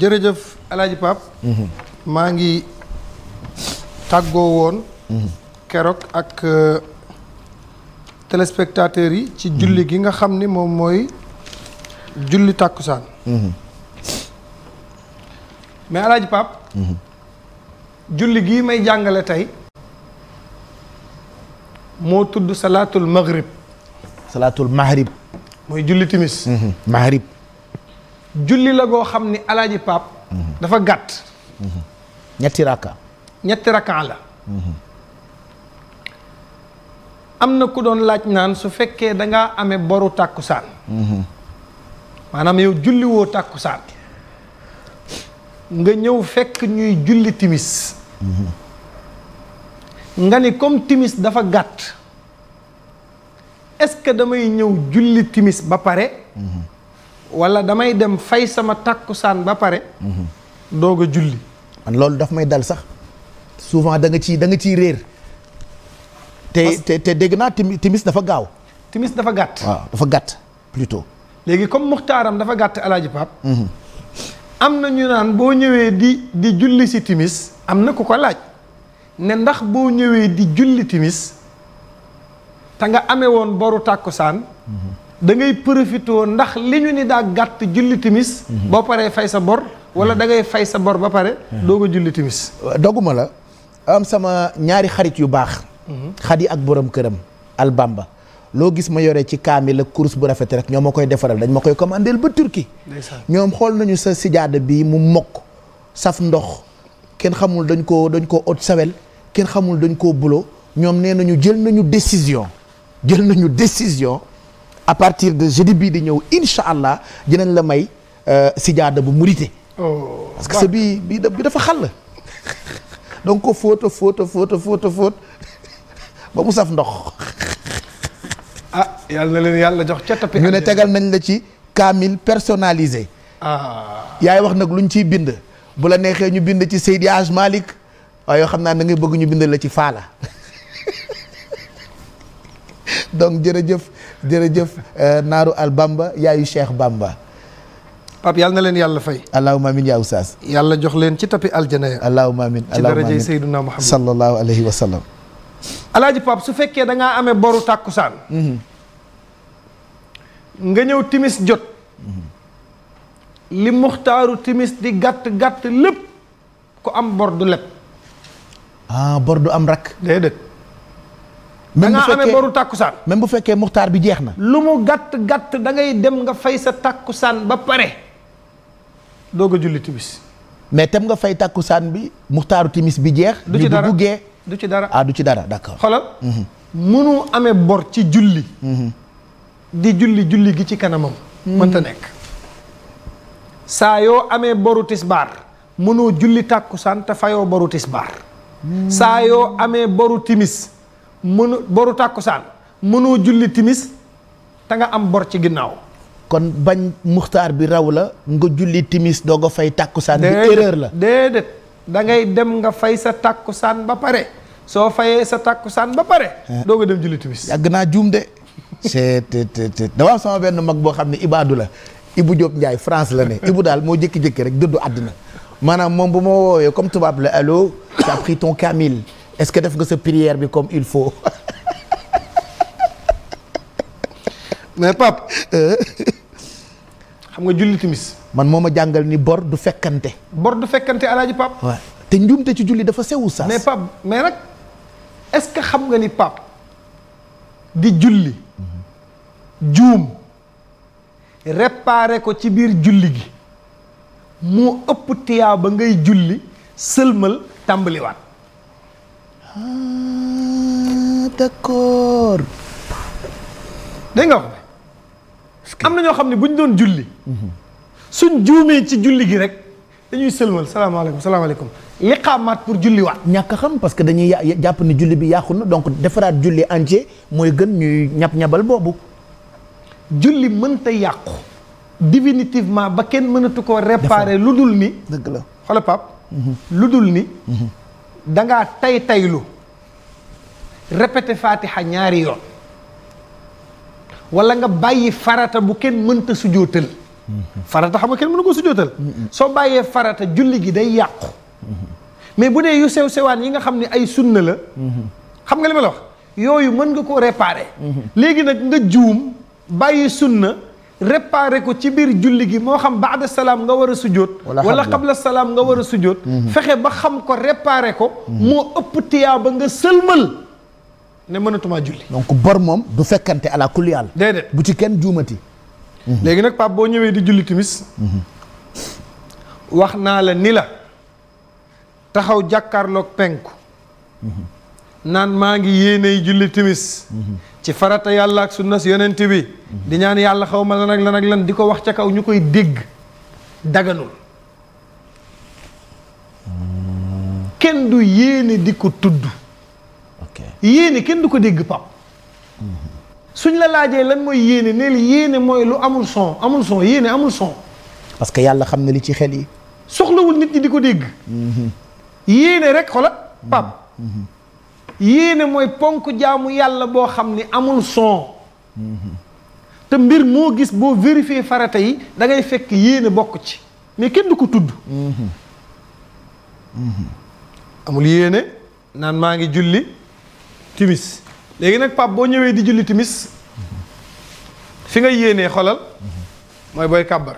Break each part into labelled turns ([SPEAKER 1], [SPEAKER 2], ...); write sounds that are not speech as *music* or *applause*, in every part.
[SPEAKER 1] jërëjëf Alaaji Pape mhm. maa ngi tàggoo woon mhm. keroog ak euh, téléspectateurs yi ci julli gi nga xam ni moom mooy julli tàkkusaan mhm. mais Alaaji Pape julli gii may jàngale tey moo tudd salaatul maghrib salaatul maghrib mooy julli timis maghrib julli la goo xam ni alaaji paap dafa gàtt ñetti rakka ñetti rakka la am na ku doon laaj naan su fekkee dangaa amee boru tàkkusaan maanaam yow julli woo tàkkusaan nga ñëw fekk ñuy julli timis nga ni comme timis dafa gàtt est-ce que damay ñëw julli timis ba pare wala damay dem fay sama takkusaan ba pare. Mhm. doog a julli.
[SPEAKER 2] man loolu daf may dal sax souvent da nga ciy da nga ciy réer. te te te dégg naa timis dafa gaaw. timis dafa gàtt. waaw
[SPEAKER 1] dafa gàtt plutôt. léegi comme muxtaaram dafa gàtt alaaji Pap mhm. am na ñu naan boo ñëwee di di julli si timis am na ku ko laaj ne ndax boo ñëwee di julli timis te nga amee woon boru tàkkusaan mhm. da ngay profité ndax li ñu ni daa gàtt julli timis mhm. boo paree fay sa bor wala mhm. da ngay fay sa bor ba pare mhm. doog a julli timis
[SPEAKER 2] euh, doguma la am sama ñaari xarit yu baax xadi ak borom këram albamba loo gis ma yore ci kaami la course bu rafet rek ñoom ma koy defaral dañ ma koy commandeel ba turki ñoom xool nañu sa sijaada bi mu mokk saf ndox kenn xamul dañ ko dañ koo ot sawel kenn xamul dañ koo bulo ñoom nee nañu jël nañu décision jël nañu décision à partir de jeudi bii di ñëw incha allah dinañ la may euh, sijaada bu murite. Oh. parce que sa bii bii bi dafa xàll. *laughs* donc ko fóota fóota fóota fóota fóot *laughs* ba mu saf ndox. *laughs*
[SPEAKER 1] ah yàlla na leen yàlla jox ca tapis. ñu ne tegal
[SPEAKER 2] nañ la ci kaamil personnalisé.
[SPEAKER 1] Ah.
[SPEAKER 2] yaay wax nag luñ ciy bind. bu la neexee ñu bind ci Seydi Hadj waaye yoo xam naa da bëgg ñu bind la ci faala donc jërëjëf. jërëjëf euh, naaru al bamba yaayu cheikh bamba pap yàlla na leen yàlla fay allahumma amin yaa oustaz yàlla jox leen ci tapi aljana ya allahumma amin ci darajay sayduna muhammad sallallahu alayhi wa
[SPEAKER 1] sallam alaaji su fekkee da ngaa amee boru tàkkusaan mhm. nga ñëw timis jot mhm. li muxtaaru timis di gàtt-gàtt lépp ku am bor du leb
[SPEAKER 2] ah, bor du am rakk
[SPEAKER 1] déedéet même bu fekkee da nga amee tàkkusaan même bu fekkee muxtaar bi jeex na. lu mu gàtt gàtt dangay dem nga fay sa tàkkusaan ba pare doog a julli timis
[SPEAKER 2] mais tem nga fay tàkkusaan bi muxtaaru timis bi jeex. du ci dara du ci dara
[SPEAKER 1] ah du ci dara d' accord. xoolal mhm. ci julli. Mhm. julli julli gi ci kanamam. Mhm. mënta nekk. saa yoo amee boru tisbaar mënoo julli tàkkusaan te fayoo boru tisbaar. saa yoo amee boru timis. mënu boru tàkkusaan mënoo julli timis te
[SPEAKER 2] nga am bor ci ginnaaw kon bañ muxtaar bi raw la nga julli timis doo nga fay tàkkusaan bi erreur la
[SPEAKER 1] déedéet da ngay dem nga fay sa tàkkusaan ba pare soo fayee sa tàkkusaan ba pare eh. doo nga dem julli timis
[SPEAKER 2] yàgg naa juum de c'est dama am sama benn mag boo xam ne ibaadu la Ibu Diop njaay France la ne Ibu daal moo jékki-jékki rek dëddu àddina maanaam moom bu ma woowee comme tubaab la allo t'as pris Camille est-ce que def nga sa prière bi comme il faut. mais Pape euh, xam nga julli timis man moo ma jàngal ni bor du
[SPEAKER 1] fekkante. bor du fekkante alaaji Pape. te njuumte ci julli dafa sewu saas. mais Pape mais nag est-ce que xam nga ni Pape di julli juum réparé ko ci biir julli gi moo ëpp tiyaa ba ngay julli sëlmal tàmbaliwaat. ah d'accord dégg am na ñoo xam ne bu ñu doon julli suñ juumee ci julli gi rek dañuy sëlmal salaamaaleykum salaamaaleykum liqaamaat pour julliwaat. ñàkk xam parce que dañuy jàpp
[SPEAKER 2] ni julli bi yàqu na donc defaraat julli entier mooy gën ñuy ñab ñabal boobu.
[SPEAKER 1] julli mënta yàqu. définitivement ba kenn mënatu koo réparer lu dul ni. dëgg la xoolal mhm. lu dul ni. Mhm. dangaa tay taylu répété fatiha ñaari yoon wala nga bàyyi farata bu kenn mënta sujootal farata xam nga kenn mënu ko sujootal soo bàyyee farata julli gi day yàqu mais bu dee yu sew sewaan yi nga xam ne ay sunna la xam nga li ma la wax yooyu mën nga koo réparer mhm. léegi nag nga juum bàyyi sunna réparé ko ci biir julli gi moo xam baada salaam nga war a sujjóot wala qabla salaam nga war a sujjóot mhm. fexe ba xam ko réparé ko mhm. moo ëpp tiyaa ba nga sëlmal ne mënatumaa julli
[SPEAKER 2] donc bor moom du fekkante ala kulli yàlla
[SPEAKER 1] déedéet bu ci kenn juumati mhm. léegi nag Pape boo ñëwee di julli timis wax naa la ni la taxaw jàkkaarloog penku naan maa ngi yéeney julli timis ci farata yàlla ak sunna si yonent bi di ñaan yàlla xaw ma lan ak lan ak lan di ko wax ca kaw ñu koy dégg daganul kenn du yéene di ko tudd yéene kenn du ko dégg pap suñ la laajee lan mooy yéene neel yéene mooy lu amul son amul son yéene amul son parce que yàlla xam na li ci xel yi soxlawul nit ñi di ko dégg mhm. yéene rek xola pap mhm. mhm. yéene mooy ponk jaamu yàlla boo xam ni amul son te mbir moo gis boo vérifier farata yi da ngay fekk yéene bokk ci mais kenn du ko tudd amul yéene naan maa ngi julli timis léegi nag pap boo ñëwee di julli timis fi nga yéenee xolal mooy booy kàbbar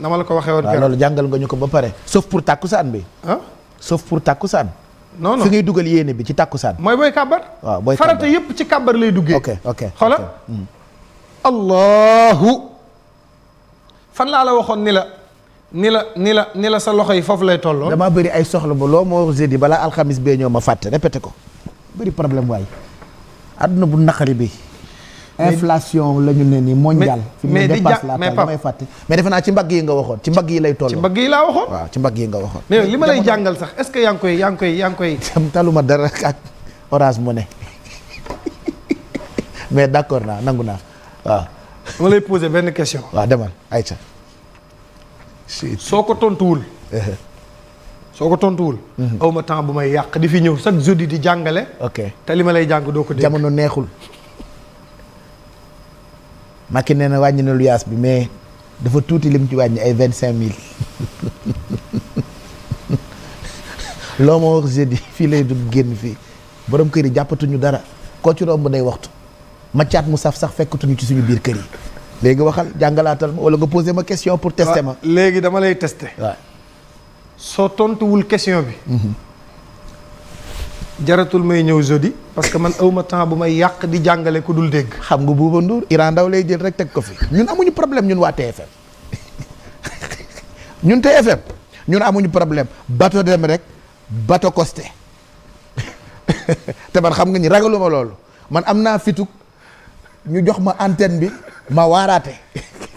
[SPEAKER 1] na ma la ko waxee woon loolu
[SPEAKER 2] jàngal nga ñu ko ba pare sauf pour tàkkusaan bi ah sauf pour tàkkusaan non non fi ngay dugal yéene bi ci tàkku tàkkusaan mooy booy kàbbar waaw booy farata
[SPEAKER 1] yëpp ci kàbbar lay duggee ok ok xoola hmm. allahu fan laa la waxoon ni la ni la ni la ni la sa loxo yi foofu lay tolloo damaa
[SPEAKER 2] bëri ay soxla ba loo moo wax jeudi balaa alxamis bee ñoo ma fàtte répété ko bëri problème waaye àdduna bu naqari bi inflation la ñu ne nii mondial fi mu dépasse la taille damay fàtte mais defe naa ci mbagg yi nga waxoon ci mbagg yi lay toll ci mbagg yi laa waxoon waaw ci mbagg yi nga waxoon mais li ma lay jàngal sax est-ce que yaa ngi koy yaa ngi koy yaa ngi koy *laughs* taluma dara ak orange mu ne *laughs* mais d'accord naa nangu naa waaw *laughs* ma
[SPEAKER 1] lay poser benn question waaw demal Aïcha soo ko tontuwul uh-huh. soo ko tontuwul mm-hmm. awma temps bu may yàq di fi ñëw chaque jeudi di jàngale ok te li ma lay jàng doo ko dégg jamono neexul
[SPEAKER 2] Macky nee na wàññi na lu bi mais dafa tuuti lim ci wàññi ay vingt cinq mille *laughs* loo ma wax jeudi fii lay du génn fii boroom kër yi jàppatuñu dara koo ci romb day waxtu ma mu saf sax fekkatuñu ci suñu biir kër yi léegi waxal jàngalaatal ma wala nga posé ma question pour tester ah, ma
[SPEAKER 1] léegi dama lay teste waaw soo tontuwul question bi mm-hmm. jaratul may ñëw jeudi parce que man awma temps bu may yàq di jàngale ku dul dégg. xam nga Bouba Ndour Iran Ndaw lay jël rek
[SPEAKER 2] teg ko fi ñun amuñu problème ñun waa TFM *laughs* ñun TFM ñun amuñu problème bato dem rek bato costé *laughs* te man xam nga ni ragaluma loolu man am naa fituk ñu jox ma antenne bi ma
[SPEAKER 1] waaraate.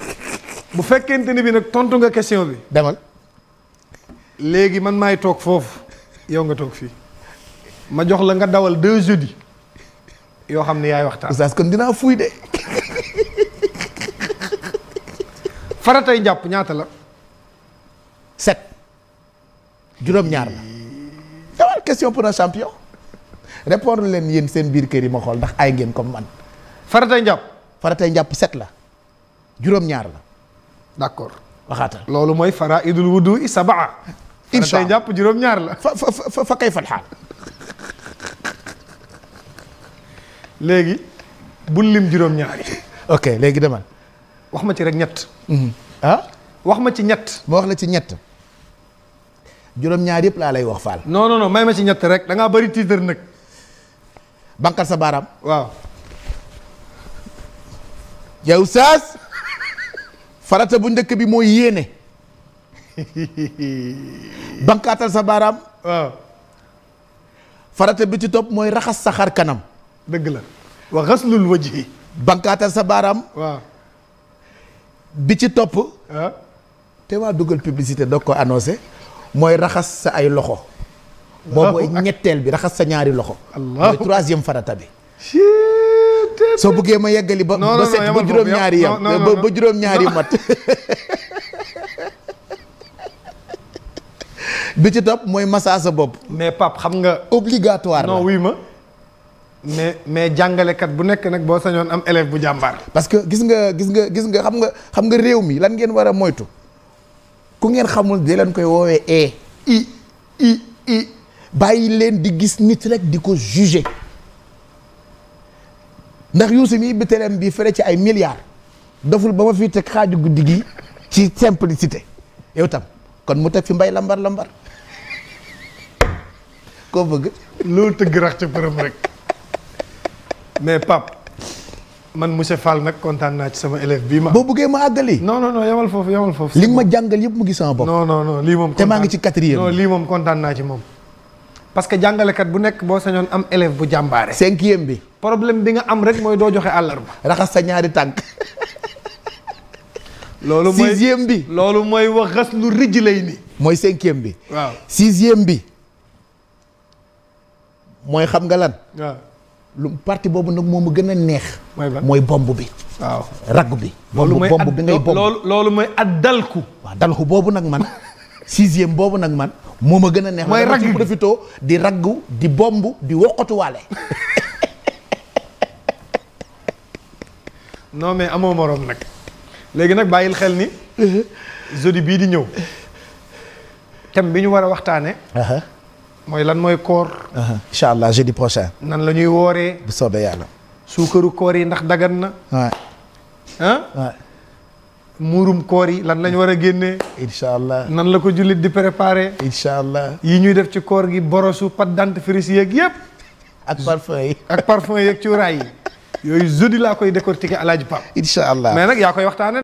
[SPEAKER 1] *laughs* bu fekkente ni bi nag tontu nga question bi. demal. léegi man maay toog foofu yow nga toog fii. ma jox la nga dawal deux jeudi yoo xam ne yaay waxtaan. oustaz kon dinaa fuy de. faratay njàpp ñaata la. set
[SPEAKER 2] juróom-ñaar la. dawal question leen yéen seen biir kër yi ma xool ndax ay ngeen comme man. faratay njàpp. njàpp set la.
[SPEAKER 1] juróom-ñaar la. d'accord loolu mooy faraidul wudu sabaa. incha allah faratay njàpp juróom-ñaar fa fa kay fal xaal. léegi bul lim juróom-ñaar
[SPEAKER 2] ok léegi demal. wax ma ci rek ñett. Mhm. ah. wax ma ci ñett. ma wax la ci ñett. juróom-ñaar yëpp laa lay wax Fall.
[SPEAKER 1] non non non may ma ci ñett rek da ngaa bëri tiitër nag. banqal sa baaraam. waaw. yow
[SPEAKER 2] saas. bu njëkk bi mooy yéene. *laughs* bankaatal sa baaraam. waaw. farata bi ci topp mooy raxas sa xar kanam. dëgg la wa xaslul wajhi bankaatal sa baaraam bi ci topp ah. te waa dugal publicité doog ko annoncé mooy raxas sa ay loxo boobu mooy ñetteel bi raxas sa ñaari loxo mooy troisième farata bi soo buggee ma yeggali ba ba set ba juróom ñaari yam ba juróom ñaari mat
[SPEAKER 1] bi ci topp mooy masaa sa bopp mais Pape xam nga obligatoire non ma mais mais jàngalekat bu nekk nag boo sañoon am élève bu jàmbaar. parce que gis nga
[SPEAKER 2] gis nga gis nga xam nga xam nga réew mi lan ngeen war a moytu ku ngeen xamul di leen koy woowee e i i i bàyyi leen di gis nit rek di ko juger ndax Youssou mi bi teleem bi fere ci ay milliards doful ba ma fi teg xaaju guddi gi ci simplicité yow tam kon mu teg fi mbay
[SPEAKER 1] lambar lambar koo bëgg. loolu tëgg rax ca përëm rek. mais Pape man monsieur Fall nag kontaan naa ci sama élève bii ma. boo bëggee ma àggali. non non non yamal foofu yamal foofu. li nga ma jàngal yëpp mu gis sama bopp. non non non lii moom.
[SPEAKER 2] te maa ngi ci quatrième non
[SPEAKER 1] moom kontaan naa ci moom. parce que jàngalekat bu nekk boo sañoon am élève bu jàmbaare. cinquième bi. problème bi nga am rek mooy doo joxe àllarba. raxas sa ñaari tànk. *laughs* loolu mooy sixième bi. loolu mooy waxas lu rijj lay ni mooy cinquième bi.
[SPEAKER 2] waaw sixième bi mooy xam nga lan. lu parti boobu nag moom ma gën a neex. mooy bomb bi.
[SPEAKER 1] waaw ragg bi. loolu mooy bomb bi ngay bomb loolu
[SPEAKER 2] loolu mooy ak dalku. dalku boobu nag man sixième boobu nag man moo ma gën a neex. mooy ragg bi profité di raggu di bomb di woqatuwaale.
[SPEAKER 1] *laughs* non mais amoo morom nag. léegi nag bàyyil xel ni. *laughs* jeudi bii di ñëw. thème bi ñu war a waxtaanee. mooy lan mooy koor.
[SPEAKER 2] incha allah jeudi prochain.
[SPEAKER 1] nan la ñuy wooree.
[SPEAKER 2] bu soobee yàlla.
[SPEAKER 1] suukaru koor yi ndax daggan na. waay muurum koor yi lan lañ war a génnee. incha nan la ko jullit di préparé. incha allah yi ñuy def ci koor gi borosu dant dentifrice yeeg yëpp. ak parfum yi ak parfum ci cuuraay yi. yooyu jeudi laa koy décortiquer El Hadj Pape. incha allah mais nag yaa koy waxtaanee.